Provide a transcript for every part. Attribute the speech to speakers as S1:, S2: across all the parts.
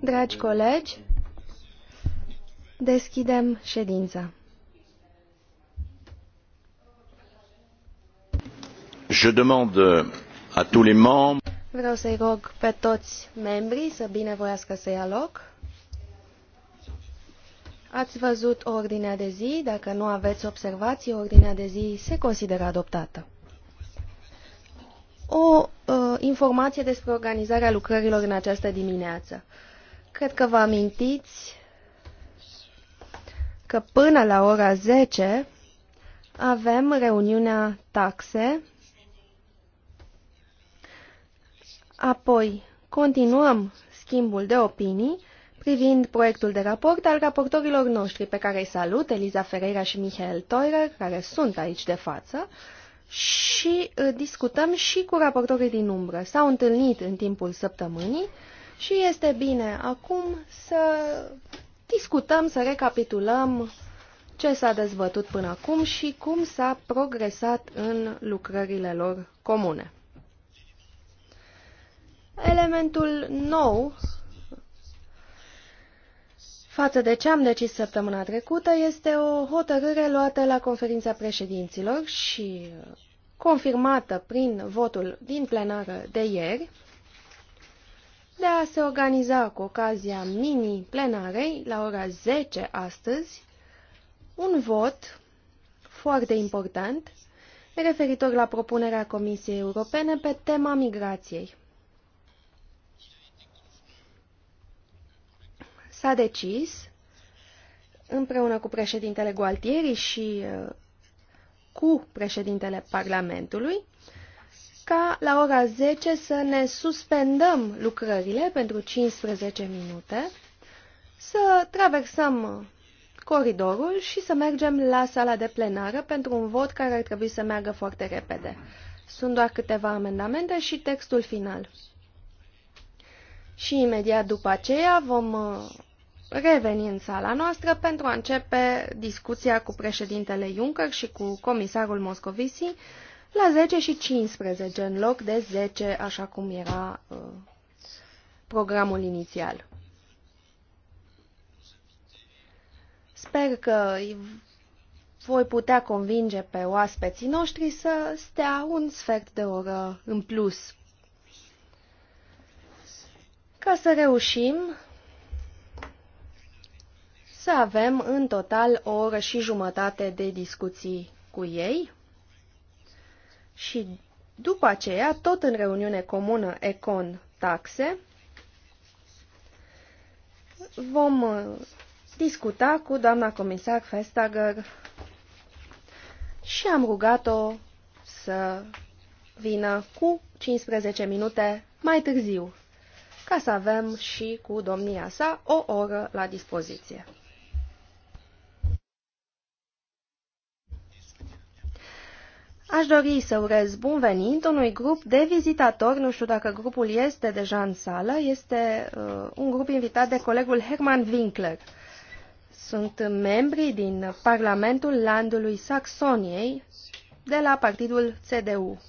S1: Dragi colegi, deschidem ședința.
S2: Je demande à tous les membres.
S1: Vreau să-i rog pe toți membrii să binevoiască să ia loc. Ați văzut ordinea de zi. Dacă nu aveți observații, ordinea de zi se consideră adoptată. O uh, informație despre organizarea lucrărilor în această dimineață. Cred că vă amintiți că până la ora 10 avem reuniunea taxe, apoi continuăm schimbul de opinii privind proiectul de raport al raportorilor noștri pe care îi salut Eliza Ferreira și Michael Teurer, care sunt aici de față, și uh, discutăm și cu raportorii din umbră. S-au întâlnit în timpul săptămânii și este bine acum să discutăm, să recapitulăm ce s-a dezbătut până acum și cum s-a progresat în lucrările lor comune. Elementul nou față de ce am decis săptămâna trecută este o hotărâre luată la conferința președinților și uh, confirmată prin votul din plenară de ieri, de a se organiza cu ocazia mini-plenarei la ora 10 astăzi un vot foarte important referitor la propunerea Comisiei Europene pe tema migrației. S-a decis, împreună cu președintele Gualtieri și uh, cu președintele Parlamentului ca la ora 10 să ne suspendăm lucrările pentru 15 minute, să traversăm coridorul și să mergem la sala de plenară pentru un vot care ar trebui să meargă foarte repede. Sunt doar câteva amendamente și textul final. Și imediat după aceea vom uh, reveni în sala noastră pentru a începe discuția cu președintele Juncker și cu comisarul Moscovici la 10 și 15, în loc de 10, așa cum era uh, programul inițial. Sper că voi putea convinge pe oaspeții noștri să stea un sfert de oră în plus. Ca să reușim, să avem în total o oră și jumătate de discuții cu ei și după aceea, tot în reuniune comună Econ Taxe, vom uh, discuta cu doamna comisar Festager și am rugat-o să vină cu 15 minute mai târziu, ca să avem și cu domnia sa o oră la dispoziție. Aș dori să urez bun venit unui grup de vizitatori, nu știu dacă grupul este deja în sală, este uh, un grup invitat de colegul Herman Winkler. Sunt membri din Parlamentul Landului Saxoniei de la partidul CDU.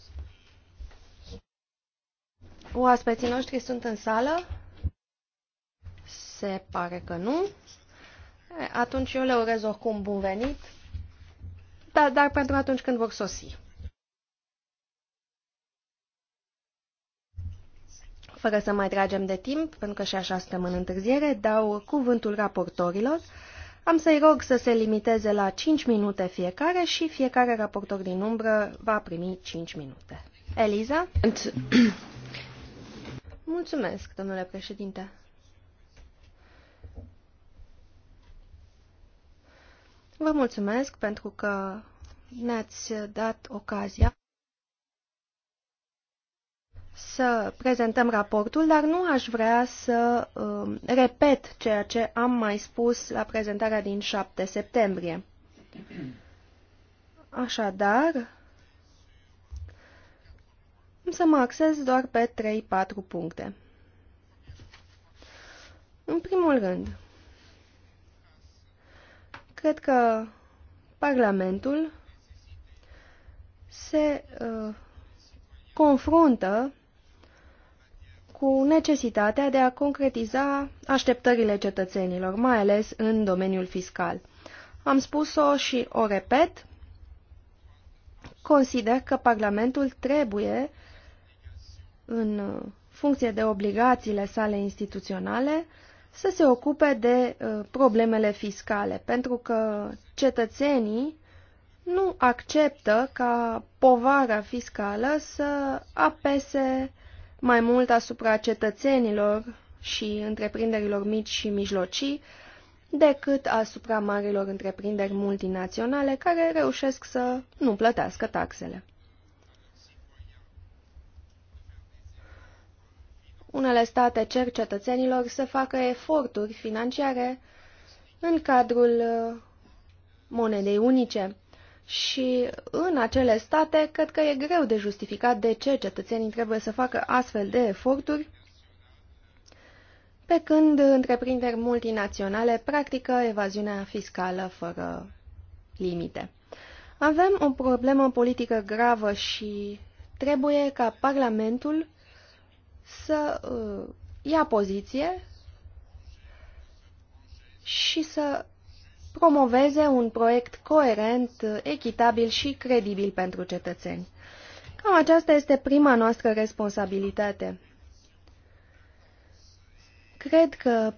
S1: Oaspeții noștri sunt în sală? Se pare că nu. Atunci eu le urez oricum bun venit, dar, dar pentru atunci când vor sosi. Fără să mai tragem de timp, pentru că și așa suntem în întârziere, dau cuvântul raportorilor. Am să-i rog să se limiteze la 5 minute fiecare și fiecare raportor din umbră va primi 5 minute. Eliza? Mulțumesc, domnule președinte. Vă mulțumesc pentru că ne-ați dat ocazia să prezentăm raportul, dar nu aș vrea să uh, repet ceea ce am mai spus la prezentarea din 7 septembrie. Așadar, să mă axez doar pe 3-4 puncte. În primul rând, cred că Parlamentul se uh, confruntă cu necesitatea de a concretiza așteptările cetățenilor, mai ales în domeniul fiscal. Am spus-o și o repet, consider că Parlamentul trebuie, în funcție de obligațiile sale instituționale, să se ocupe de uh, problemele fiscale, pentru că cetățenii nu acceptă ca povara fiscală să apese mai mult asupra cetățenilor și întreprinderilor mici și mijlocii decât asupra marilor întreprinderi multinaționale care reușesc să nu plătească taxele. Unele state cer cetățenilor să facă eforturi financiare în cadrul monedei unice. Și în acele state, cred că e greu de justificat de ce cetățenii trebuie să facă astfel de eforturi, pe când întreprinderi multinaționale practică evaziunea fiscală fără limite. Avem o problemă politică gravă și trebuie ca Parlamentul să uh, ia poziție și să promoveze un proiect coerent, echitabil și credibil pentru cetățeni. Cam aceasta este prima noastră responsabilitate. Cred că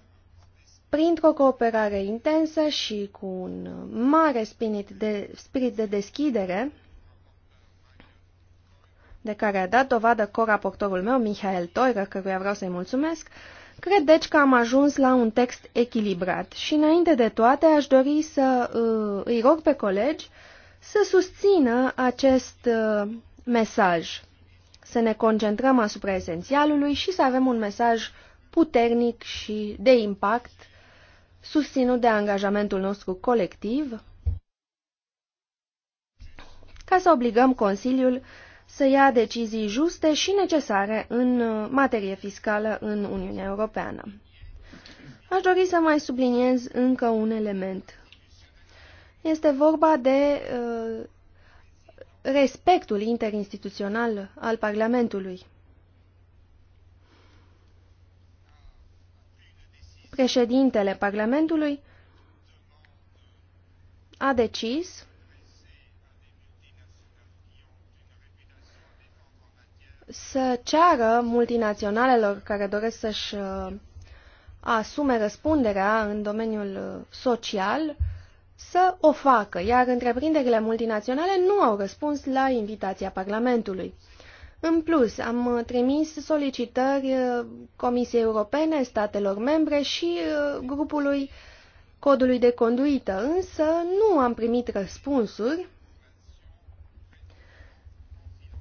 S1: printr-o cooperare intensă și cu un mare spirit de, spirit de deschidere, de care a dat dovadă coraportorul meu, Mihail Toiră, căruia vreau să-i mulțumesc, uh, Cred deci că am ajuns la un text echilibrat și înainte de toate aș dori să uh, îi rog pe colegi să susțină acest uh, mesaj, să ne concentrăm asupra esențialului și să avem un mesaj puternic și de impact susținut de angajamentul nostru colectiv ca să obligăm Consiliul să ia decizii juste și necesare în uh, materie fiscală în Uniunea Europeană. Aș dori să mai subliniez încă un element. Este vorba de uh, respectul interinstituțional al Parlamentului. Președintele Parlamentului a decis să ceară multinaționalelor care doresc să-și uh, asume răspunderea în domeniul uh, social să o facă, iar întreprinderile multinaționale nu au răspuns la invitația Parlamentului. În plus, am uh, trimis solicitări Comisiei Europene, statelor membre și grupului codului de conduită, însă nu am primit răspunsuri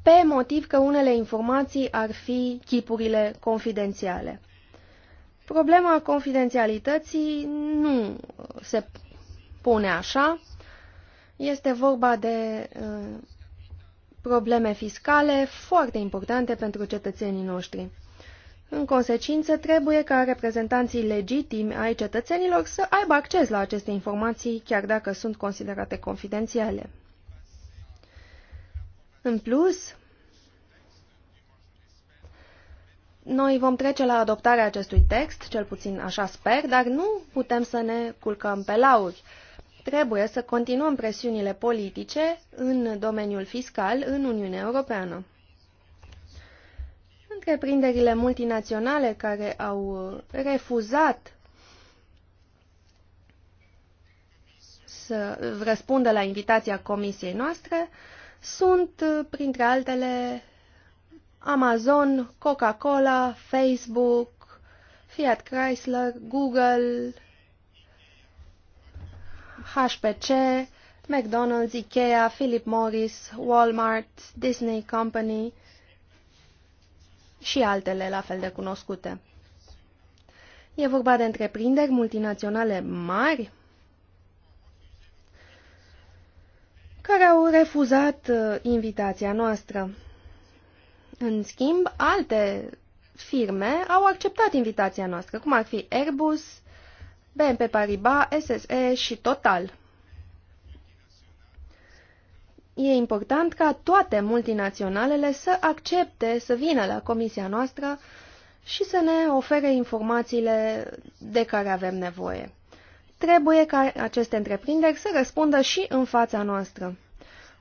S1: pe motiv că unele informații ar fi chipurile confidențiale. Problema confidențialității nu se pune așa. Este vorba de uh, probleme fiscale foarte importante pentru cetățenii noștri. În consecință, trebuie ca reprezentanții legitimi ai cetățenilor să aibă acces la aceste informații, chiar dacă sunt considerate confidențiale. În plus, noi vom trece la adoptarea acestui text, cel puțin așa sper, dar nu putem să ne culcăm pe lauri. Trebuie să continuăm presiunile politice în domeniul fiscal în Uniunea Europeană. Întreprinderile multinaționale care au refuzat să răspundă la invitația comisiei noastre sunt, uh, printre altele, Amazon, Coca-Cola, Facebook, Fiat Chrysler, Google, HPC, McDonald's, Ikea, Philip Morris, Walmart, Disney Company și altele la fel de cunoscute. E vorba de întreprinderi multinaționale mari care au refuzat uh, invitația noastră. În schimb, alte firme au acceptat invitația noastră, cum ar fi Airbus, BNP Paribas, SSE și Total. E important ca toate multinaționalele să accepte să vină la comisia noastră și să ne ofere informațiile de care avem nevoie trebuie ca aceste întreprinderi să răspundă și în fața noastră.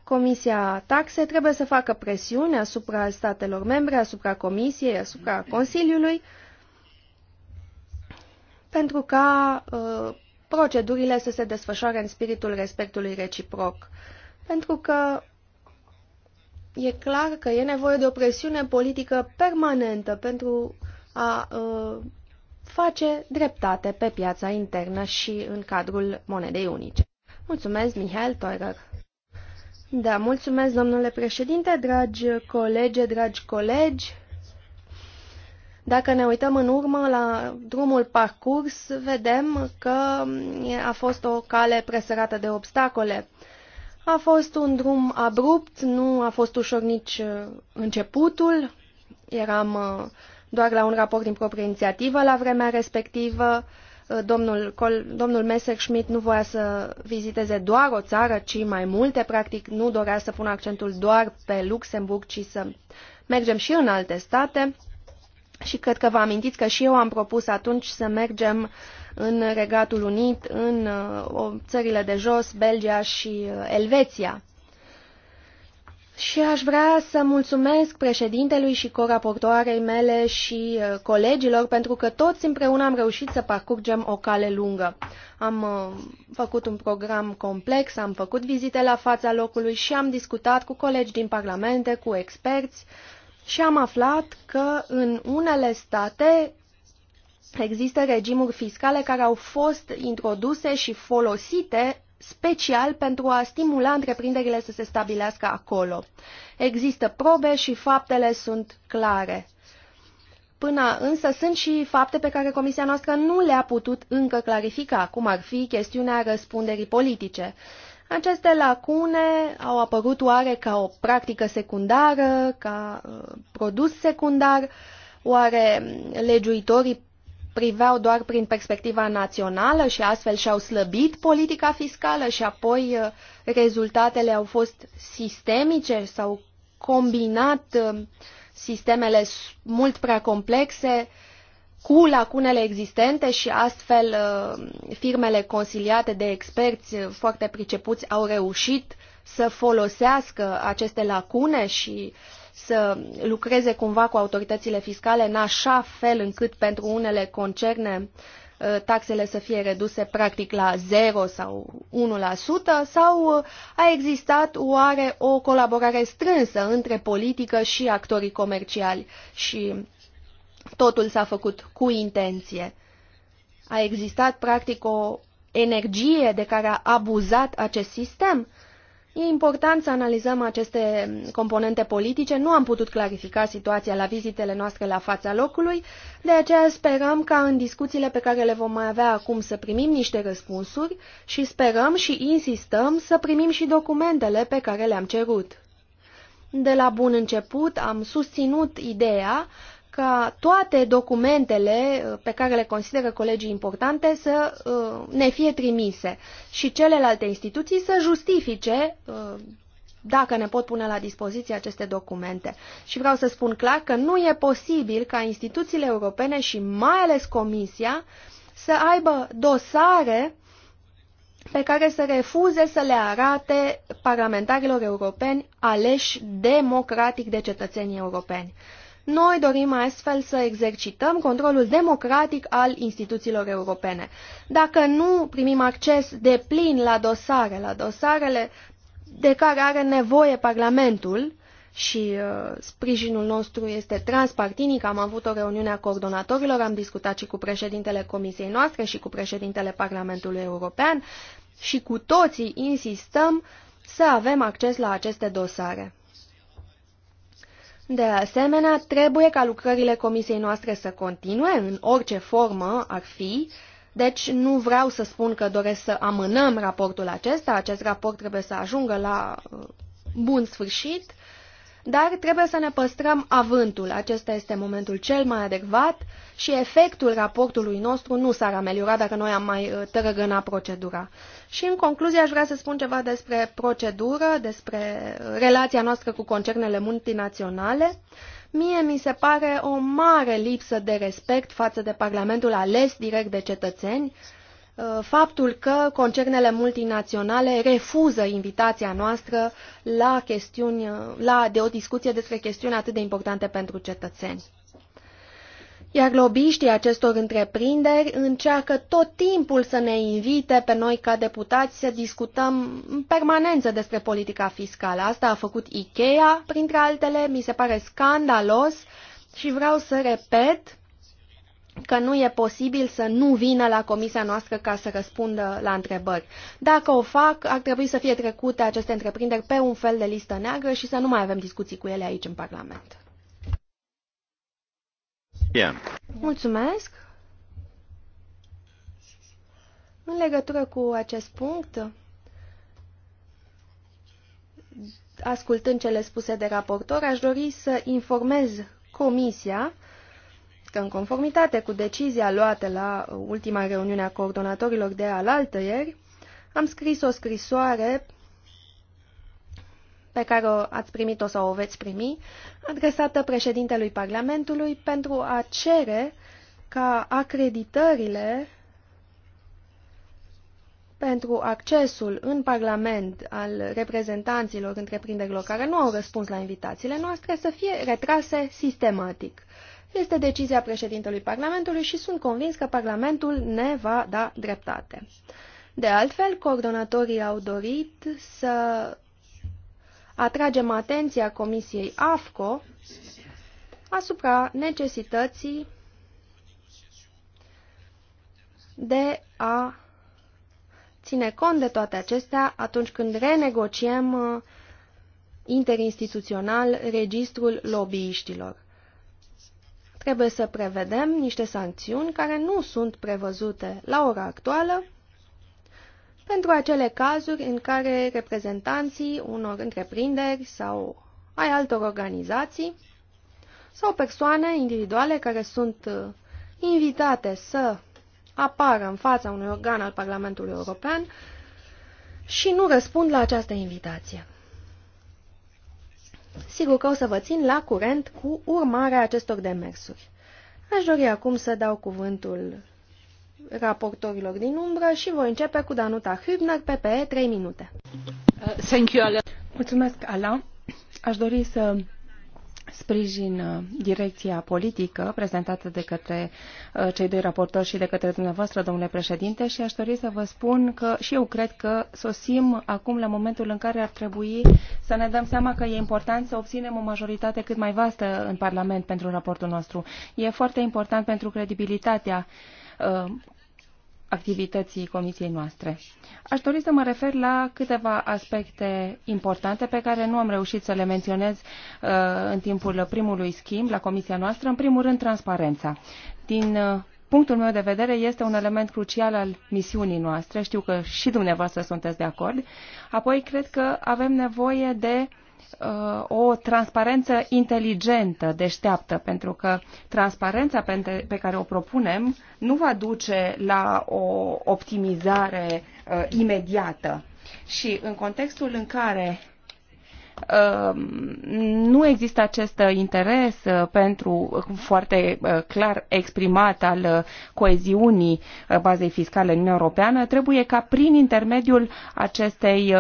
S1: Comisia Taxe trebuie să facă presiune asupra statelor membre, asupra Comisiei, asupra Consiliului, pentru ca uh, procedurile să se desfășoare în spiritul respectului reciproc. Pentru că e clar că e nevoie de o presiune politică permanentă pentru a uh, face dreptate pe piața internă și în cadrul monedei unice. Mulțumesc, Mihail Toirer. Da, mulțumesc, domnule președinte, dragi colegi, dragi colegi. Dacă ne uităm în urmă la drumul parcurs, vedem că a fost o cale presărată de obstacole. A fost un drum abrupt, nu a fost ușor nici începutul. Eram uh, doar la un raport din proprie inițiativă la vremea respectivă. Uh, domnul, domnul Messerschmidt nu voia să viziteze doar o țară, ci mai multe, practic nu dorea să pună accentul doar pe Luxemburg, ci să mergem și în alte state. Și cred că vă amintiți că și eu am propus atunci să mergem în Regatul Unit, în uh, țările de jos, Belgia și uh, Elveția. Și aș vrea să mulțumesc președintelui și coraportoarei mele și uh, colegilor pentru că toți împreună am reușit să parcurgem o cale lungă. Am uh, făcut un program complex, am făcut vizite la fața locului și am discutat cu colegi din parlamente, cu experți și am aflat că în unele state există regimuri fiscale care au fost introduse și folosite special pentru a stimula întreprinderile să se stabilească acolo. Există probe și faptele sunt clare. Până însă sunt și fapte pe care comisia noastră nu le-a putut încă clarifica, cum ar fi chestiunea răspunderii politice. Aceste lacune au apărut oare ca o practică secundară, ca uh, produs secundar, oare legiuitorii priveau doar prin perspectiva națională și astfel și-au slăbit politica fiscală și apoi uh, rezultatele au fost sistemice, s-au combinat uh, sistemele mult prea complexe cu lacunele existente și astfel uh, firmele consiliate de experți foarte pricepuți au reușit să folosească aceste lacune și uh, să lucreze cumva cu autoritățile fiscale în așa fel încât pentru unele concerne uh, taxele să fie reduse practic la 0 sau 1% sau uh, a existat oare o colaborare strânsă între politică și actorii comerciali și totul s-a făcut cu intenție. A existat practic o energie de care a abuzat acest sistem? Uh, E important să analizăm aceste componente politice. Nu am putut clarifica situația la vizitele noastre la fața locului, de aceea sperăm ca în discuțiile pe care le vom mai avea acum să primim niște răspunsuri și sperăm și insistăm să primim și documentele pe care le-am cerut. De la bun început am susținut ideea ca toate documentele uh, pe care le consideră colegii importante să uh, ne fie trimise și celelalte instituții să justifice uh, dacă ne pot pune la dispoziție aceste documente. Și vreau să spun clar că nu e posibil ca instituțiile europene și mai ales Comisia să aibă dosare pe care să refuze să le arate parlamentarilor europeni aleși democratic de cetățenii europeni. Noi dorim astfel să exercităm controlul democratic al instituțiilor europene. Dacă nu primim acces de plin la dosare, la dosarele de care are nevoie Parlamentul, și uh, sprijinul nostru este transpartinic. Am avut o reuniune a coordonatorilor, am discutat și cu președintele Comisiei noastre și cu președintele Parlamentului European și cu toții insistăm să avem acces la aceste dosare. De asemenea, trebuie ca lucrările comisiei noastre să continue, în orice formă ar fi, deci nu vreau să spun că doresc să amânăm raportul acesta, acest raport trebuie să ajungă la uh, bun sfârșit, dar trebuie să ne păstrăm avântul. Acesta este momentul cel mai adecvat și efectul raportului nostru nu s-ar ameliora dacă noi am mai uh, tărăgăna procedura. Și în concluzie aș vrea să spun ceva despre procedură, despre uh, relația noastră cu concernele multinaționale. Mie mi se pare o mare lipsă de respect față de Parlamentul ales direct de cetățeni, Uh, faptul că concernele multinaționale refuză invitația noastră la, chestiuni, uh, la de o discuție despre chestiuni atât de importante pentru cetățeni. Iar lobiștii acestor întreprinderi încearcă tot timpul să ne invite pe noi ca deputați să discutăm în permanență despre politica fiscală. Asta a făcut IKEA, printre altele, mi se pare scandalos și vreau să repet că nu e posibil să nu vină la comisia noastră ca să răspundă la întrebări. Dacă o fac, ar trebui să fie trecute aceste întreprinderi pe un fel de listă neagră și să nu mai avem discuții cu ele aici în Parlament. Yeah. Mulțumesc. În legătură cu acest punct, ascultând cele spuse de raportor, aș dori să informez Comisia că în conformitate cu decizia luată la ultima reuniune a coordonatorilor de ieri, am scris o scrisoare pe care ați primit-o sau o veți primi, adresată președintelui Parlamentului pentru a cere ca acreditările pentru accesul în Parlament al reprezentanților întreprinderilor care nu au răspuns la invitațiile noastre să fie retrase sistematic. Este decizia președintelui Parlamentului și sunt convins că Parlamentul ne va da dreptate. De altfel, coordonatorii au dorit să atragem atenția Comisiei AFCO asupra necesității de a ține cont de toate acestea atunci când renegociem uh, interinstituțional registrul lobbyiștilor. Trebuie să prevedem niște sancțiuni care nu sunt prevăzute la ora actuală pentru acele cazuri în care reprezentanții unor întreprinderi sau ai altor organizații sau persoane individuale care sunt uh, invitate să apară în fața unui organ al Parlamentului European și nu răspund la această invitație. Sigur că o să vă țin la curent cu urmarea acestor demersuri. Aș dori acum să dau cuvântul raportorilor din umbră și voi începe cu Danuta Hübner, PPE, 3 minute. Thank you, Ala. Mulțumesc, Ala. Aș dori să sprijin uh, direcția politică
S3: prezentată de către uh, cei doi raportori și de către dumneavoastră, domnule președinte, și aș dori să vă spun că și eu cred că sosim acum la momentul în care ar trebui să ne dăm seama că e important să obținem o majoritate cât mai vastă în Parlament pentru raportul nostru. E foarte important pentru credibilitatea uh, activității comisiei noastre. Aș dori să mă refer la câteva aspecte importante pe care nu am reușit să le menționez uh, în timpul primului schimb la comisia noastră. În primul rând, transparența. Din uh, punctul meu de vedere, este un element crucial al misiunii noastre. Știu că și dumneavoastră sunteți de acord. Apoi, cred că avem nevoie de Uh, o transparență inteligentă, deșteaptă, pentru că transparența pe care o propunem nu va duce la o optimizare uh, imediată. Și în contextul în care Ehm, nu există acest uh, interes uh, pentru uh, foarte clar exprimat al coeziunii bazei fiscale în Uniunea Europeană, trebuie ca prin intermediul acestei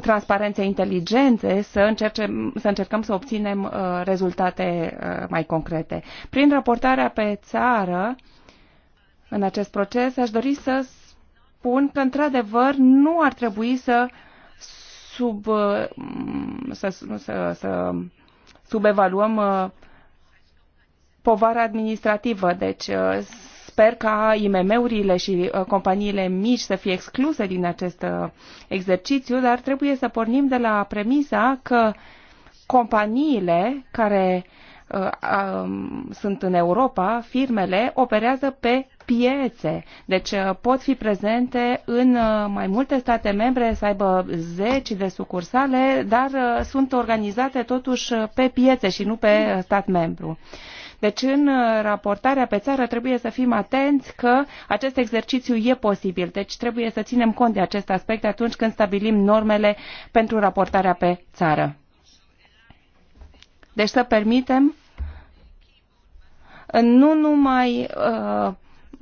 S3: transparențe inteligente să, încercem, să încercăm să obținem rezultate mai concrete. Prin raportarea pe țară, în acest proces, aș dori să spun că, într-adevăr, nu ar trebui să uh, sub, uh, să, să, să subevaluăm uh, povara administrativă. Deci uh, sper ca IMM-urile și companiile mici să fie excluse din acest exercițiu, dar trebuie să pornim de la premisa că companiile care um, sunt în Europa, firmele operează pe piețe, deci uh, pot fi prezente în uh, mai multe state membre, să aibă zeci de sucursale, dar uh, sunt organizate totuși pe piețe și nu pe stat membru. Deci în raportarea pe țară trebuie să fim atenți că acest exercițiu e posibil. Deci trebuie să ținem cont de acest aspect atunci când stabilim normele pentru raportarea pe țară. Deci să permitem nu numai uh,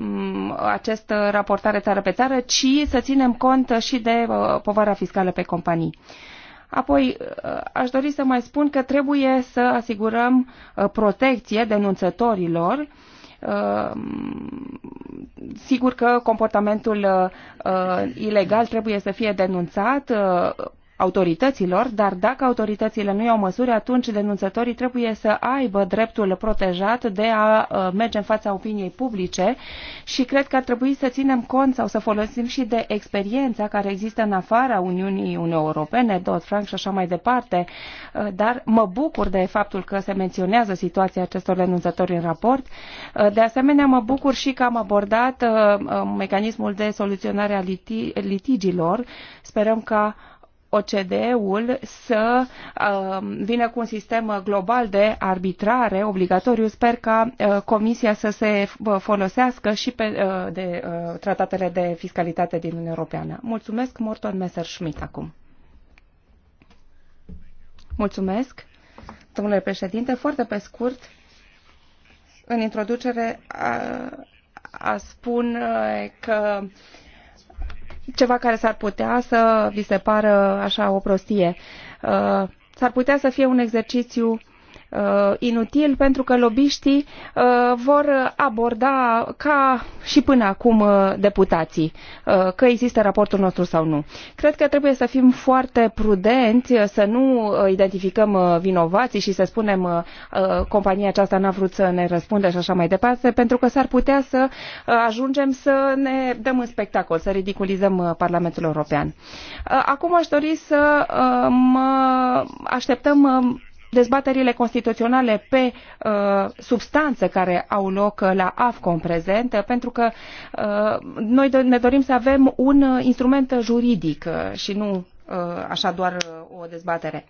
S3: Mm, această raportare țară pe țară, ci să ținem cont și de uh, povara fiscală pe companii. Apoi, uh, aș dori să mai spun că trebuie să asigurăm uh, protecție denunțătorilor. Sigur că comportamentul ilegal trebuie să fie denunțat autorităților, dar dacă autoritățile nu iau măsuri, atunci denunțătorii trebuie să aibă dreptul protejat de a uh, merge în fața opiniei publice și cred că ar trebui să ținem cont sau să folosim și de experiența care există în afara Uniunii Uniunii Europene, Dot frank și așa mai departe, uh, dar mă bucur de faptul că se menționează situația acestor denunțători în raport. Uh, de asemenea, mă bucur și că am abordat mecanismul de soluționare a litigilor. Sperăm ca OCDE-ul să um, vină cu un sistem global de arbitrare obligatoriu. Sper ca uh, Comisia să se uh, folosească și pe, uh, de tratatele de fiscalitate din Uniunea Europeană. Mulțumesc, Morton Messerschmidt, acum. Mulțumesc, domnule președinte. Foarte pe scurt, în introducere a, a spun că uh, ceva care s-ar putea să vi se pară așa o prostie. Uh, s-ar putea să fie un exercițiu uh, inutil pentru că lobiștii uh, vor aborda ca și până acum uh, deputații, uh, că există raportul nostru sau nu. Cred că trebuie să fim foarte prudenți, uh, să nu uh, identificăm uh, vinovații și să spunem uh, compania aceasta n-a vrut să ne răspundă și așa mai departe, pentru că s-ar putea să ajungem să ne dăm în spectacol, să ridiculizăm Parlamentul European. Acum aș dori să mă așteptăm dezbaterile constituționale pe uh, substanță care au loc uh, la AFCO în prezent, uh, pentru că uh, noi ne dorim să avem un uh, instrument juridic și nu așa doar o dezbatere.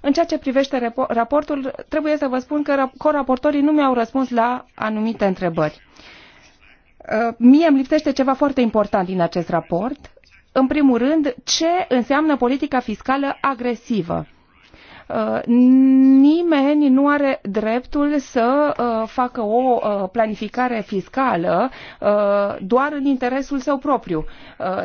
S3: În ceea ce privește raportul, trebuie să vă spun că coraportorii nu mi-au răspuns la anumite întrebări. Mie îmi lipsește ceva foarte important din acest raport. În primul rând, ce înseamnă politica fiscală agresivă? Uh, nimeni nu are dreptul să uh, facă o uh, planificare fiscală doar în interesul său propriu.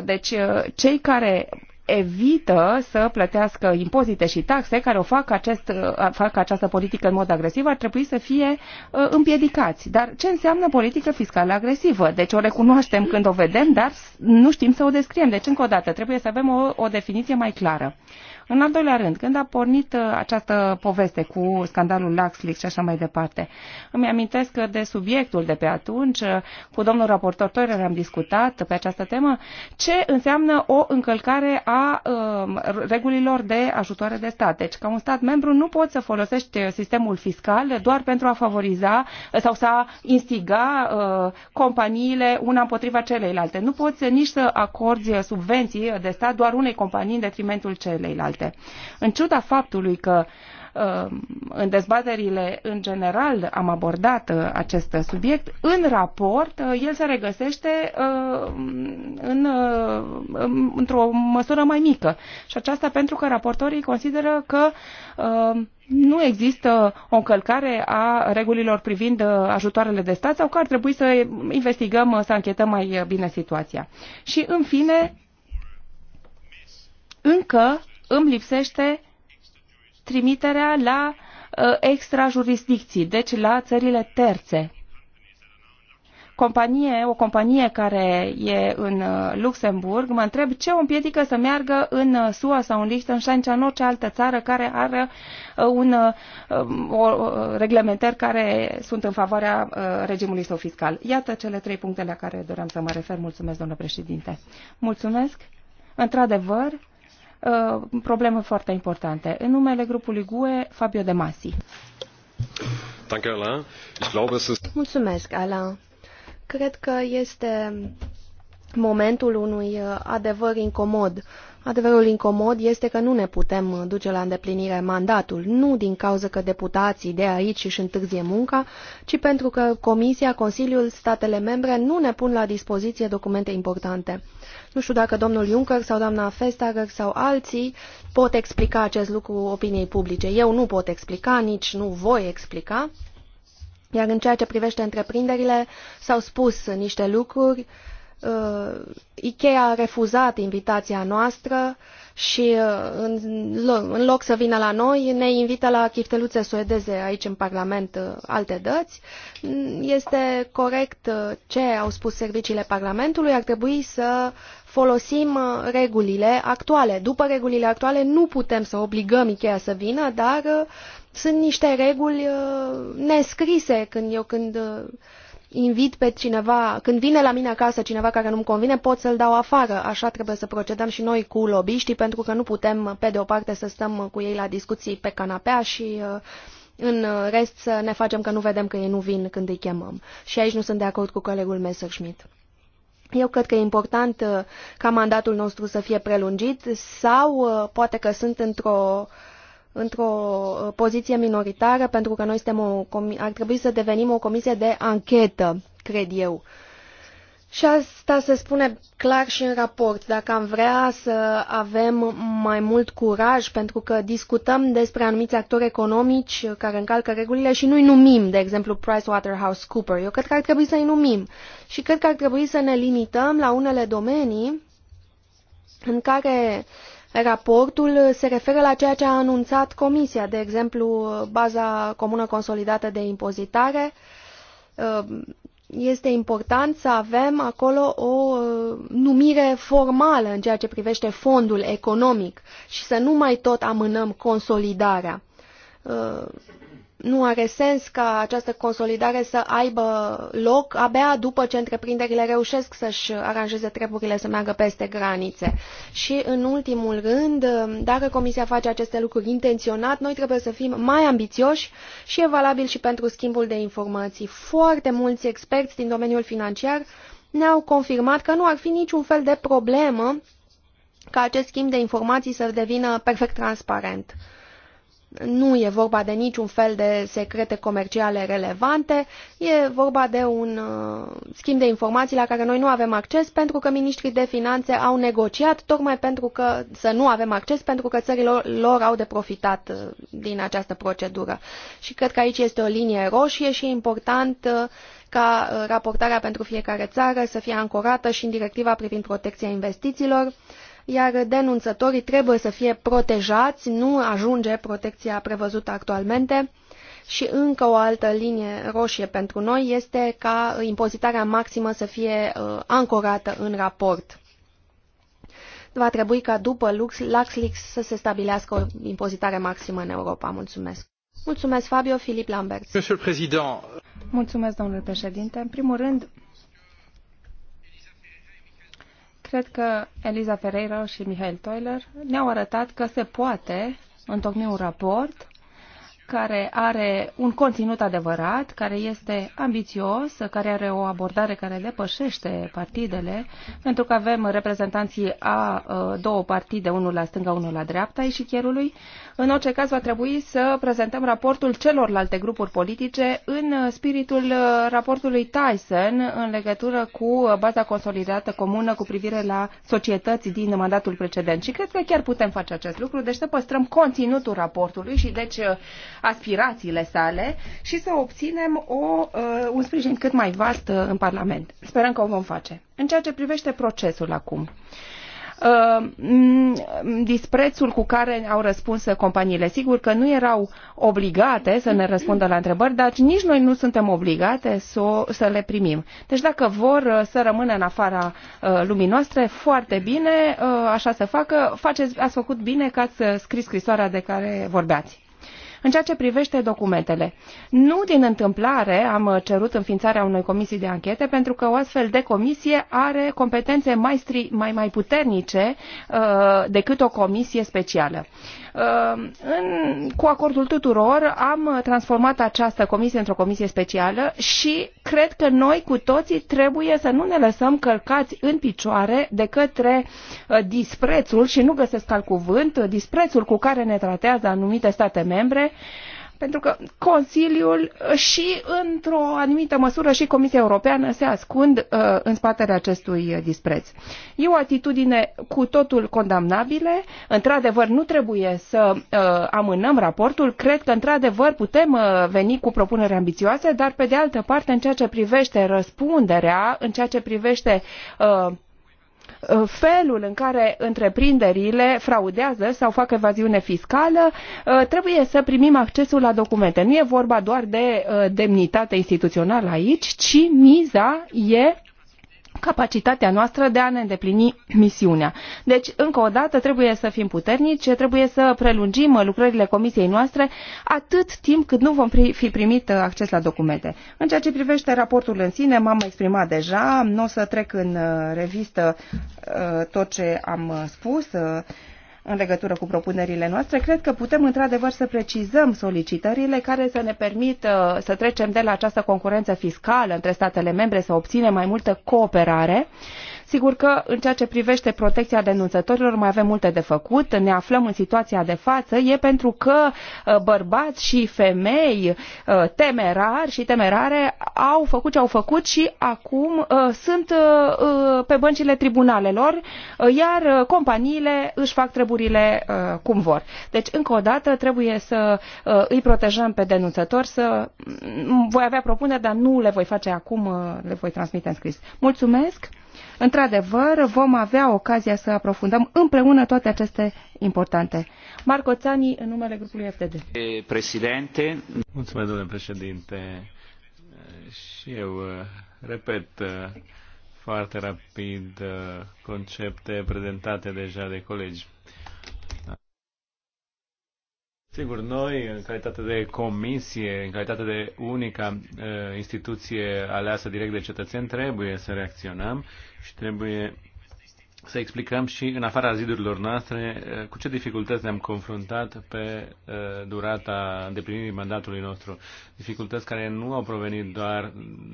S3: Deci cei care evită să plătească impozite și taxe, care o fac, acest, fac această politică în mod agresiv, ar trebui să fie împiedicați. Dar ce înseamnă politică fiscală agresivă? Deci o recunoaștem când o vedem, dar nu știm să o descriem. Deci, încă o dată, trebuie să avem o, o definiție mai clară. Uh, în al doilea rând, când a pornit uh, această poveste cu scandalul LaxLeaks și așa mai departe, îmi amintesc uh, de subiectul de pe atunci, uh, cu domnul raportor Toirer am discutat pe această temă, ce înseamnă o încălcare a regulilor de ajutoare de stat. Deci, ca un stat membru, nu poți să folosești sistemul fiscal doar pentru a favoriza sau să instiga companiile una împotriva celeilalte. Nu poți nici să acorzi subvenții de stat doar unei companii în detrimentul celeilalte subiecte. În ciuda faptului că uh, în dezbaterile în general am abordat uh, acest subiect, în raport uh, el se regăsește în, într-o măsură mai mică. Și aceasta pentru că raportorii consideră că nu există o încălcare a regulilor privind ajutoarele de stat sau că ar trebui să investigăm, să anchetăm mai bine situația. Și în fine, încă îmi lipsește trimiterea la uh, extrajurisdicții, deci la țările terțe. Companie, o companie care e în uh, Luxemburg mă întreb ce o împiedică să meargă în uh, SUA sau în Liechtenstein în orice altă țară care are un, um, o, o, reglementări care sunt în favoarea regimului său fiscal. Iată cele trei puncte la care doream să mă refer. Mulțumesc, domnule președinte. Mulțumesc. Într-adevăr, Uh, probleme foarte importante.
S1: În numele grupului GUE, Fabio De Masi. Mulțumesc, Alain. Cred că este momentul unui uh, adevăr incomod. Adevărul incomod este că nu ne putem uh, duce la îndeplinire mandatul, nu din cauza că deputații de aici își întârzie munca, ci pentru că Comisia, Consiliul, statele membre nu ne pun la dispoziție documente importante. Nu știu dacă domnul Juncker sau doamna Festager sau alții pot explica acest lucru opiniei publice. Eu nu pot explica, nici nu voi explica. Iar în ceea ce privește întreprinderile, s-au spus niște lucruri uh, Ikea a refuzat invitația noastră și uh, în, loc, în loc să vină la noi, ne invită la chifteluțe suedeze aici în Parlament uh, alte dăți. Mm, este corect uh, ce au spus serviciile Parlamentului, ar trebui să folosim uh, regulile actuale. După regulile actuale nu putem să obligăm Ikea să vină, dar uh, sunt niște reguli uh, nescrise când eu când... Uh, invit pe cineva, când vine la mine acasă cineva care nu-mi convine, pot să-l dau afară. Așa trebuie să procedăm și noi cu lobiștii, pentru că nu putem, pe de o parte, să stăm cu ei la discuții pe canapea și uh, în rest să ne facem că nu vedem că ei nu vin când îi chemăm. Și aici nu sunt de acord cu colegul Messerschmidt. Eu cred că e important uh, ca mandatul nostru să fie prelungit sau uh, poate că sunt într-o uh, într-o uh, poziție minoritară, pentru că noi suntem o, ar trebui să devenim o comisie de anchetă, cred eu. Și asta se spune clar și în raport. Dacă am vrea să avem mai mult curaj, pentru că discutăm despre anumiți actori economici care încalcă regulile și nu-i numim, de exemplu Cooper. eu cred că ar trebui să-i numim. Și cred că ar trebui să ne limităm la unele domenii în care uh, Raportul se referă la ceea ce a anunțat Comisia, de exemplu, baza comună consolidată de impozitare. Este important să avem acolo o uh, numire formală în ceea ce privește fondul economic și să nu mai tot amânăm consolidarea uh, nu are sens ca această consolidare să aibă loc abia după ce întreprinderile reușesc să-și aranjeze treburile să meargă peste granițe. Și în ultimul rând, dacă Comisia face aceste lucruri intenționat, noi trebuie să fim mai ambițioși și e valabil și pentru schimbul de informații. Foarte mulți experți din domeniul financiar ne-au confirmat că nu ar fi niciun fel de problemă ca acest schimb de informații să devină perfect transparent. Nu e vorba de niciun fel de secrete comerciale relevante, e vorba de un uh, schimb de informații la care noi nu avem acces pentru că ministrii de finanțe au negociat tocmai pentru că să nu avem acces pentru că țările lor au de profitat uh, din această procedură. Și cred că aici este o linie roșie și e important uh, ca raportarea pentru fiecare țară să fie ancorată și în directiva privind protecția investițiilor iar denunțătorii trebuie să fie protejați, nu ajunge protecția prevăzută actualmente. Și încă o altă linie roșie pentru noi este ca impozitarea maximă să fie uh, ancorată în raport. Va trebui ca după lux LuxLeaks să se stabilească o impozitare maximă în Europa. Mulțumesc. Mulțumesc, Fabio Filip Lambert. Mulțumesc, domnule președinte. În primul rând,
S3: Cred că Eliza Ferreira și Mihail Toiler ne-au arătat că se poate întocmi un raport care are un conținut adevărat, care este ambițios, care are o abordare care depășește partidele, pentru că avem reprezentanții a două partide, unul la stânga, unul la dreapta eșichierului, în orice caz, va trebui să prezentăm raportul celorlalte grupuri politice în spiritul uh, raportului Tyson în legătură cu uh, baza consolidată comună cu privire la societății din mandatul precedent. Și cred că chiar putem face acest lucru, deci să păstrăm conținutul raportului și deci uh, aspirațiile sale și să obținem o, un sprijin cât mai vast în Parlament. Sperăm că o vom face. În ceea ce privește procesul acum. Uh, Uh, disprețul cu care au răspuns companiile. Sigur că nu erau obligate să ne răspundă la întrebări, dar nici noi nu suntem obligate să, să le primim. Deci dacă vor uh, să rămână în afara uh, lumii noastre, foarte bine, așa să facă. Faceți, ați făcut bine că ați scris scrisoarea de care vorbeați. În ceea ce privește documentele, nu din întâmplare am uh, cerut înființarea unei comisii de anchete, pentru că o astfel de comisie are competențe mai, stri, mai, mai puternice uh, decât o comisie specială. Uh, în, cu acordul tuturor am uh, transformat această comisie într-o comisie specială și cred că noi cu toții trebuie să nu ne lăsăm călcați în picioare de către uh, disprețul, și nu găsesc alt cuvânt, disprețul cu care ne tratează anumite state membre pentru că Consiliul și, într-o anumită măsură, și Comisia Europeană se ascund uh, în spatele acestui dispreț. E o atitudine cu totul condamnabile. Într-adevăr, nu trebuie să uh, amânăm raportul. Cred că, într-adevăr, putem uh, veni cu propuneri ambițioase, dar, pe de altă parte, în ceea ce privește răspunderea, în ceea ce privește. Uh, Uh, felul în care întreprinderile fraudează sau fac evaziune fiscală, uh, trebuie să primim accesul la documente. Nu e vorba doar de uh, demnitate instituțională aici, ci miza e capacitatea noastră de a ne îndeplini misiunea. Deci, încă o dată, trebuie să fim puternici, trebuie să prelungim lucrările comisiei noastre atât timp cât nu vom fi primit acces la documente. În ceea ce privește raportul în sine, m-am exprimat deja, nu o să trec în uh, revistă uh, tot ce am uh, spus în legătură cu propunerile noastre, cred că putem într-adevăr să precizăm solicitările care să ne permită uh, să trecem de la această concurență fiscală între statele membre, să obținem mai multă cooperare uh, Sigur că în ceea ce privește protecția denunțătorilor mai avem multe de făcut, ne aflăm în situația de față, e pentru că uh, bărbați și femei uh, temerari și temerare au făcut ce au făcut și acum uh, sunt pe băncile tribunalelor, iar companiile își fac treburile cum vor. Deci, încă o dată, trebuie să îi protejăm pe denunțători, să mm, voi avea propuneri, dar nu le voi face acum, le voi transmite în scris. Mulțumesc! Într-adevăr, vom avea ocazia să aprofundăm împreună toate aceste importante. Marco Țani, în numele grupului FTD.
S2: Președinte. Mulțumesc, domnule președinte. Și eu uh, repet uh, foarte rapid uh, concepte prezentate deja de colegi. Sigur, noi, în calitate de comisie, în calitate de unica uh, instituție aleasă direct de cetățeni, trebuie să reacționăm și trebuie să explicăm și în afara zidurilor noastre eh, cu ce dificultăți ne-am confruntat pe eh, durata îndeplinirii mandatului nostru. Dificultăți care nu au provenit doar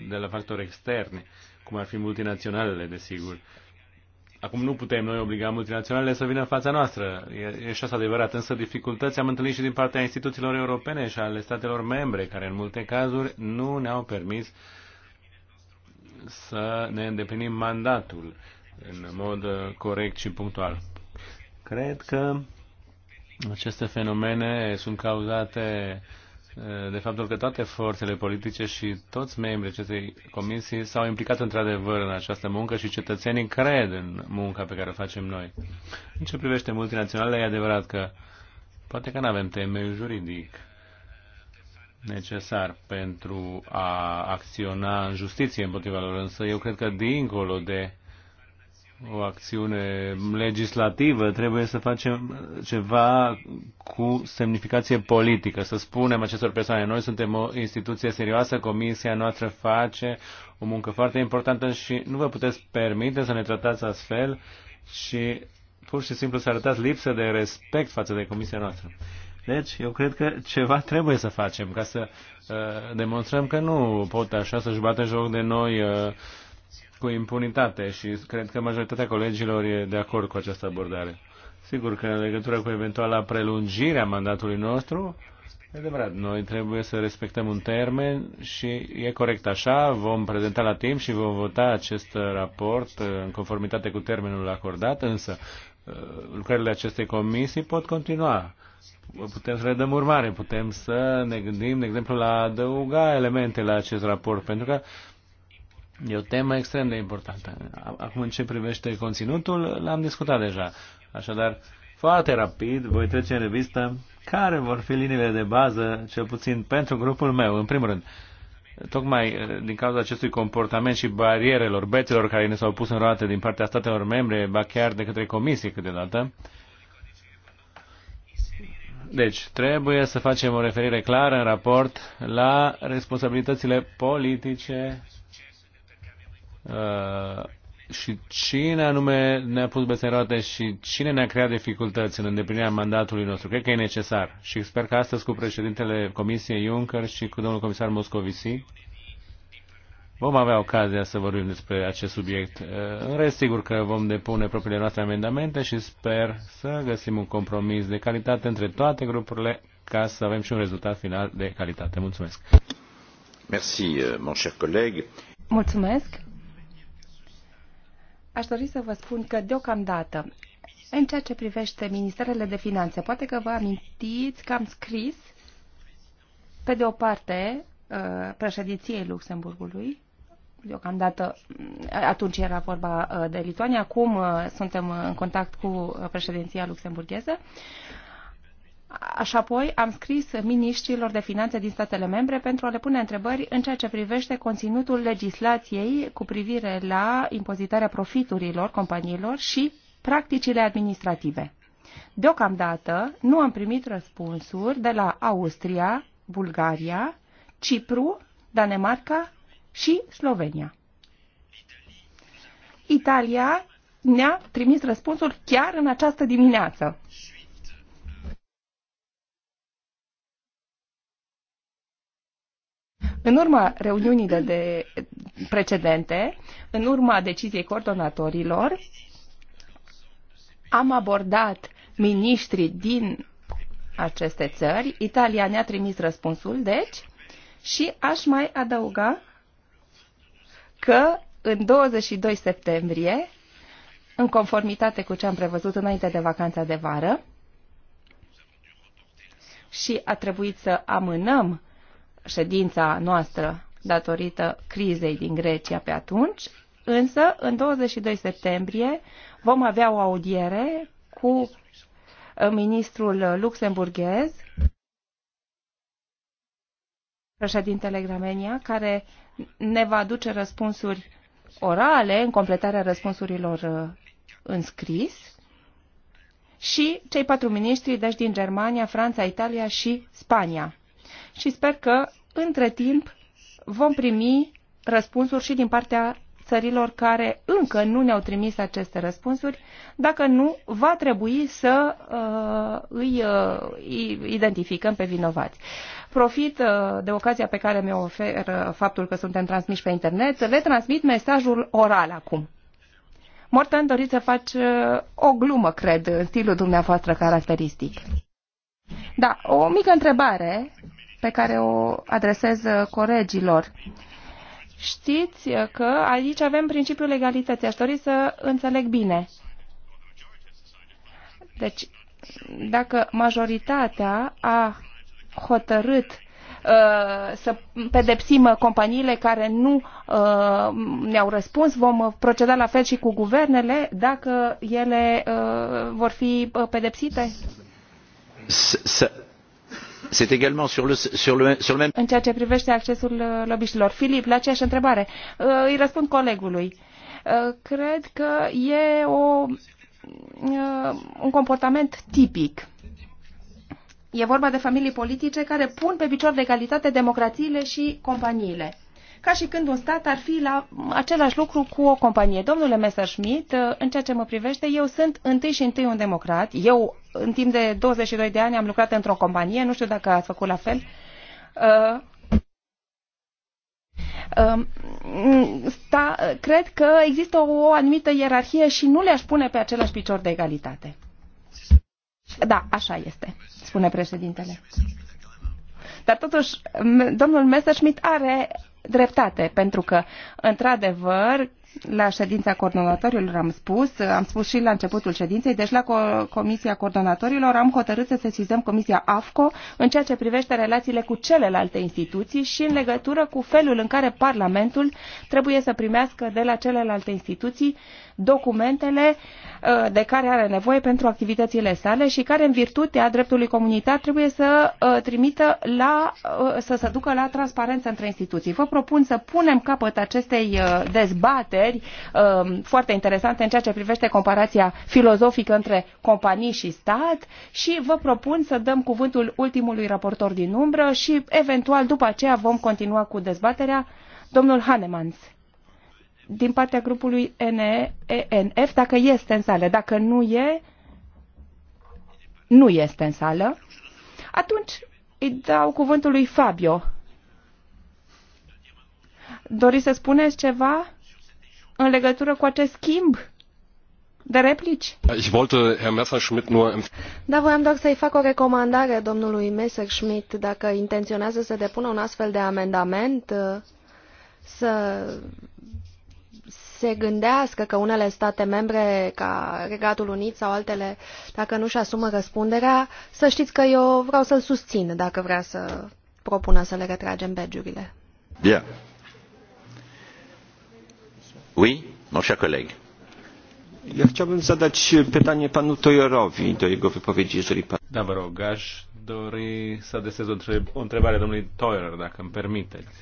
S2: de la factori externi, cum ar fi multinaționalele, desigur. Acum nu putem noi obliga multinaționalele să vină în fața noastră, e, e și asta adevărat, însă dificultăți am întâlnit și din partea instituțiilor europene și ale statelor membre, care în multe cazuri nu ne-au permis uh, să ne îndeplinim mandatul în mod uh, corect și punctual. Cred că aceste fenomene sunt cauzate uh, de faptul că toate forțele politice și toți membrii acestei comisii s-au implicat într-adevăr în această muncă și cetățenii cred în munca pe care o facem noi. În ce privește multinaționale, e adevărat că poate că nu avem temei juridic necesar pentru a acționa în justiție împotriva lor. Însă eu cred că dincolo de o acțiune legislativă, trebuie să facem ceva cu semnificație politică, să spunem acestor persoane, noi suntem o instituție serioasă, comisia noastră face o muncă foarte importantă și nu vă puteți permite să ne tratați astfel și pur și simplu să arătați lipsă de respect față de comisia noastră. Deci, eu cred că ceva trebuie să facem ca să uh, demonstrăm că nu pot așa să-și bată joc de noi uh, cu impunitate și cred că majoritatea colegilor e de acord cu această abordare. Sigur că în legătură cu eventuala prelungire a mandatului nostru, e adevărat, noi trebuie să respectăm un termen și e corect așa, vom prezenta la timp și vom vota acest raport uh, în conformitate cu termenul acordat, însă uh, lucrările acestei comisii pot continua putem să le dăm urmare, putem să ne gândim, de exemplu, la adăuga elemente la acest raport, pentru că e o temă extrem de importantă. Acum, în ce privește conținutul, l-am discutat deja. Așadar, foarte rapid, voi trece în revistă care vor fi liniile de bază, cel puțin pentru grupul meu, în primul rând. Tocmai eh, din cauza acestui comportament și barierelor, bețelor care ne s-au pus în roate din partea statelor membre, ba chiar de către comisie câteodată, uh, deci, trebuie să facem o referire clară în raport la responsabilitățile politice uh, și cine anume ne-a pus bețe în roate și cine ne-a creat dificultăți în îndeplinirea mandatului nostru. Cred că e necesar și sper că astăzi cu președintele Comisiei Juncker și cu domnul comisar Moscovici Vom avea ocazia să vorbim despre acest subiect. Uh, în rest, sigur că vom depune propriile noastre amendamente și sper să găsim un compromis de calitate între toate grupurile ca să avem și un rezultat final de calitate. Mulțumesc! Merci, uh, mon cher coleg.
S3: Mulțumesc! Aș dori să vă spun că deocamdată, în ceea ce privește Ministerele de Finanțe, poate că vă amintiți că am scris, pe de o parte, uh, președinției Luxemburgului deocamdată, atunci era vorba uh, de Lituania, acum uh, suntem în contact cu președinția luxemburgheză. Așa apoi am scris miniștrilor de finanțe din statele membre pentru a le pune întrebări în ceea ce privește conținutul legislației cu privire la impozitarea profiturilor companiilor și practicile administrative. Deocamdată nu am primit răspunsuri de la Austria, Bulgaria, Cipru, Danemarca și Slovenia. Italia ne-a trimis răspunsul chiar în această dimineață. În urma reuniunii de, de precedente, în urma deciziei coordonatorilor, am abordat miniștrii din aceste țări. Italia ne-a trimis răspunsul, deci, și aș mai adăuga că în 22 septembrie, în conformitate cu ce am prevăzut înainte de vacanța de vară, și a trebuit să amânăm ședința noastră datorită crizei din Grecia pe atunci, însă în 22 septembrie vom avea o audiere cu uh, ministrul luxemburghez, președintele Gramenia, care ne va aduce răspunsuri orale în completarea răspunsurilor uh, în scris și cei patru miniștri, deci din Germania, Franța, Italia și Spania. Și sper că, între timp, vom primi răspunsuri și din partea țărilor care încă nu ne-au trimis aceste răspunsuri. Dacă nu, va trebui să uh, îi uh, identificăm pe vinovați profit uh, de ocazia pe care mi-o oferă faptul că suntem transmiși pe internet, să le transmit mesajul oral acum. Mortan, doriți să faci uh, o glumă, cred, în stilul dumneavoastră caracteristic. Da, o mică întrebare pe care o adresez uh, colegilor. Știți că aici avem principiul legalității. Aș dori să înțeleg bine. Deci, dacă majoritatea a hotărât uh, să pedepsim companiile care nu uh, ne-au răspuns. Vom proceda la fel și cu guvernele dacă ele uh, vor fi pedepsite?
S2: C'est également sur le, sur le, sur le même...
S3: În ceea ce privește accesul lobiștilor. Filip, la aceeași întrebare. Îi răspund colegului. Cred că e o, un comportament tipic E vorba de familii politice care pun pe picior de egalitate democrațiile și companiile. Ca și când un stat ar fi la același lucru cu o companie. Domnule Messerschmidt, în ceea ce mă privește, eu sunt întâi și întâi un democrat. Eu, în timp de 22 de ani, am lucrat într-o companie, nu știu dacă ați făcut la fel. Uh, um, sta, cred că există o anumită ierarhie și nu le-aș pune pe același picior de egalitate. Da, așa este, spune președintele. Dar totuși, domnul Messerschmidt are dreptate, pentru că, într-adevăr, la ședința coordonatorilor am spus, am spus și la începutul ședinței, deci la Comisia Coordonatorilor am hotărât să sesizăm Comisia AFCO în ceea ce privește relațiile cu celelalte instituții și în legătură cu felul în care Parlamentul trebuie să primească de la celelalte instituții uh, documentele uh, de care are nevoie pentru activitățile sale și care, în virtutea dreptului comunitar, trebuie să uh, trimită la, uh, să se ducă la transparență între instituții. Vă propun să punem capăt acestei dezbateri foarte interesante în ceea ce privește comparația filozofică între companii și stat și vă propun să dăm cuvântul ultimului raportor din umbră și, eventual, după aceea vom continua cu dezbaterea. Domnul Hanemans din partea grupului NE, ENF, dacă este în sală. Dacă nu e, nu este în sală. Atunci îi dau cuvântul lui Fabio. Doriți să spuneți ceva în legătură cu acest schimb de
S1: replici?
S2: Ich wollte Herr Messerschmidt nur
S1: da, voiam doar să-i fac o recomandare domnului Messerschmidt dacă intenționează să depună un astfel de amendament să se gândească că unele state membre, ca Regatul Unit sau altele, dacă nu și asumă răspunderea, să știți că eu vreau să-l susțin dacă vrea să propună să le retragem badge-urile.
S2: Bien. Oui, mon cher collègue. Ja chciałbym zadać pytanie panu Tojorowi do jego wypowiedzi, jeżeli pan... Da, vă rog, aș dori să adesez o, o întrebare domnului Toyer, dacă îmi permiteți.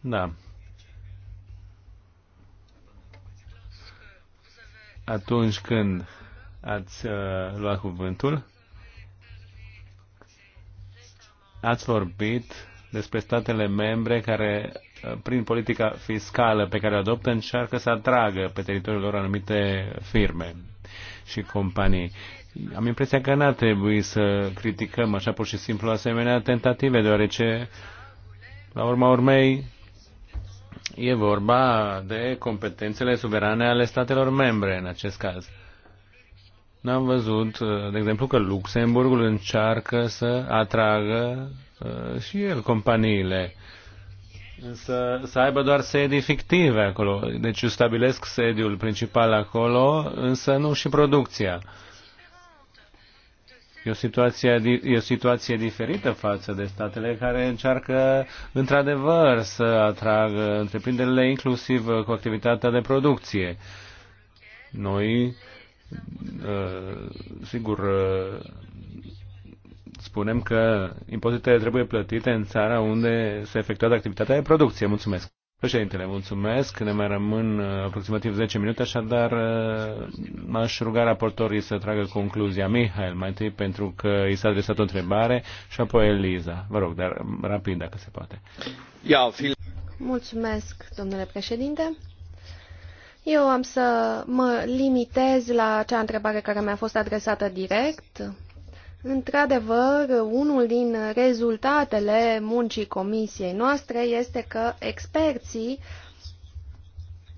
S2: Da, atunci când ați uh, luat cuvântul. Ați vorbit despre statele membre care, uh, prin politica fiscală pe care o adoptă, încearcă să atragă pe teritoriul lor anumite firme și companii. Am impresia că n-ar trebui să criticăm așa pur și simplu asemenea tentative, deoarece, la urma urmei, E vorba de competențele suverane ale statelor membre în acest caz. N-am văzut, uh, de exemplu, că Luxemburgul încearcă să atragă uh, și el companiile, însă să aibă doar sedii fictive acolo. Deci stabilesc sediul principal acolo, însă nu și producția. E o, situație, e o situație diferită față de statele care încearcă într-adevăr să atragă întreprinderile inclusiv cu activitatea de producție. Noi, uh, sigur, uh, spunem că impozitele trebuie plătite în țara unde se efectuează activitatea de producție. Mulțumesc! Președintele, mulțumesc. Ne mai rămân uh, aproximativ 10 minute, așadar uh, m-aș ruga raportorii să tragă concluzia. Mihail, mai întâi pentru că i s-a adresat o întrebare și apoi Eliza. Vă rog, dar um, rapid dacă se poate.
S1: Mulțumesc, domnule președinte. Eu am să mă limitez la acea întrebare care mi-a fost adresată direct Într-adevăr, unul din rezultatele muncii comisiei noastre este că experții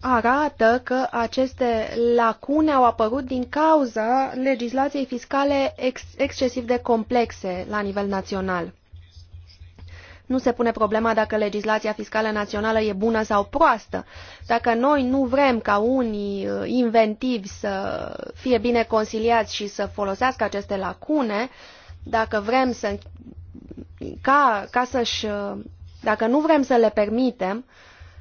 S1: arată că aceste lacune au apărut din cauza legislației fiscale ex excesiv de complexe la nivel național. Nu se pune problema dacă legislația fiscală națională e bună sau proastă. Dacă noi nu vrem ca unii uh, inventivi să fie bine consiliați și să folosească aceste lacune, dacă vrem să ca, ca să-și uh, dacă nu vrem să le permitem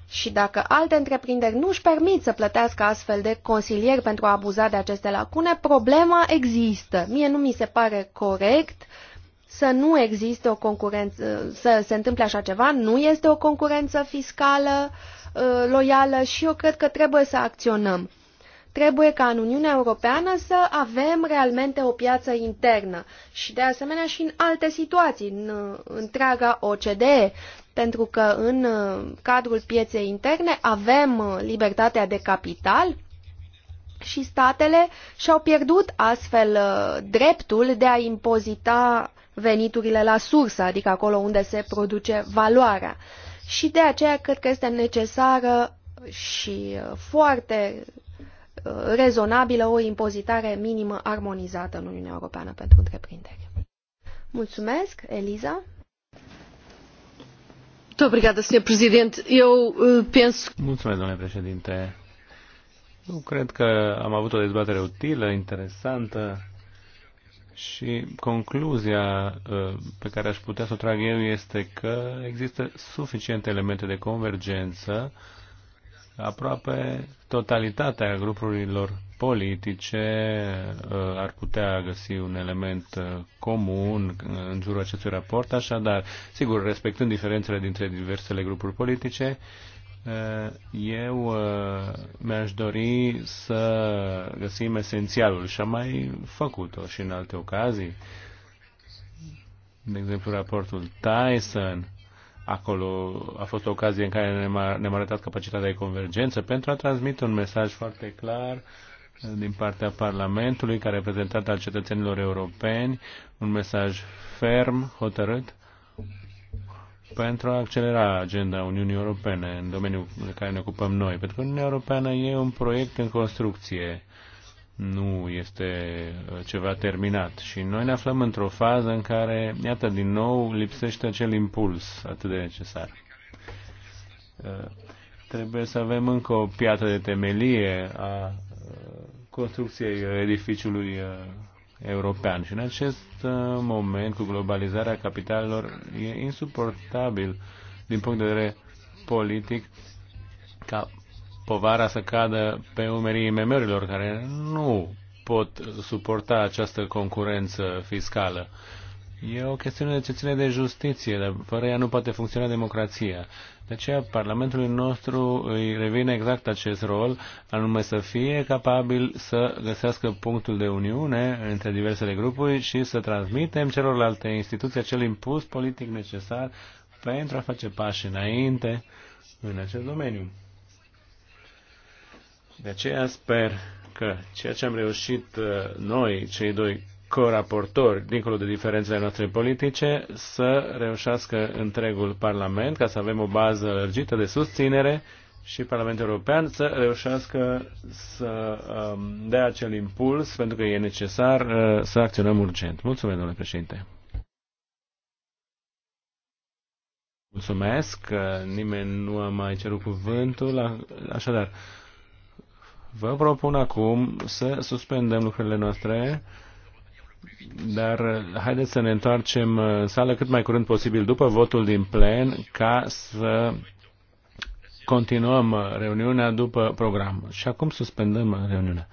S1: și dacă alte întreprinderi nu își permit să plătească astfel de consilieri pentru a abuza de aceste lacune, problema există. Mie nu mi se pare corect uh, să nu existe o concurență, să se întâmple așa ceva, nu este o concurență fiscală uh, loială și eu cred că trebuie să acționăm. Trebuie ca în Uniunea Europeană să avem realmente o piață internă și de asemenea și în alte situații, în uh, întreaga OCDE, pentru că în uh, cadrul pieței interne avem libertatea de capital, și statele și-au pierdut astfel dreptul de a impozita veniturile la sursă, adică acolo unde se produce valoarea. Și de aceea cred că este necesară și uh, foarte uh, rezonabilă o impozitare minimă armonizată în Uniunea Europeană pentru întreprinderi. Mulțumesc, Eliza. Uh,
S2: Mulțumesc, domnule președinte. Eu cred că am avut o dezbatere utilă, interesantă și concluzia uh, pe care aș putea să o trag eu este că există suficiente elemente de convergență aproape totalitatea grupurilor politice uh, ar putea găsi un element uh, comun în jurul acestui raport, așadar, sigur, respectând diferențele dintre diversele grupuri politice, Eh, eu eh, mi-aș dori să găsim esențialul și am mai făcut-o și în alte ocazii. De exemplu, raportul Tyson, acolo a fost o ocazie în care ne-am arătat capacitatea de convergență pentru a transmite un mesaj foarte clar eh, din partea Parlamentului, care a reprezentat al cetățenilor europeni, un mesaj ferm, hotărât, pentru a accelera agenda Uniunii Europene în domeniul de care ne ocupăm noi. Pentru că Uniunea Europeană e un proiect în construcție, nu este uh, ceva terminat. Și noi ne aflăm într-o fază în care, iată, din nou lipsește acel impuls atât de necesar. Uh, trebuie să avem încă o piatră de temelie a uh, construcției edificiului european. Și în acest uh, moment, cu globalizarea capitalelor, e insuportabil din punct de vedere politic ca povara să cadă pe umerii IMM-urilor care nu pot suporta această concurență fiscală. E o chestiune ce ține de justiție, dar fără ea nu poate funcționa democrația. De aceea Parlamentului nostru îi revine exact acest rol, anume să fie capabil să găsească punctul de uniune între diversele grupuri și să transmitem celorlalte instituții acel impuls politic necesar pentru a face pași înainte în acest domeniu. De aceea sper că ceea ce am reușit uh, noi, cei doi coraportori, dincolo de diferențele noastre politice, să reușească întregul Parlament, ca să avem o bază lărgită de susținere și Parlamentul European să reușească să um, dea acel impuls, pentru că e necesar uh, să acționăm urgent. Mulțumesc, domnule președinte. Mulțumesc, nimeni nu a mai cerut cuvântul, așadar, vă propun acum să suspendăm lucrurile noastre dar haideți să ne întoarcem în sală cât mai curând posibil după votul din plen ca să continuăm reuniunea după program. Și acum suspendăm reuniunea.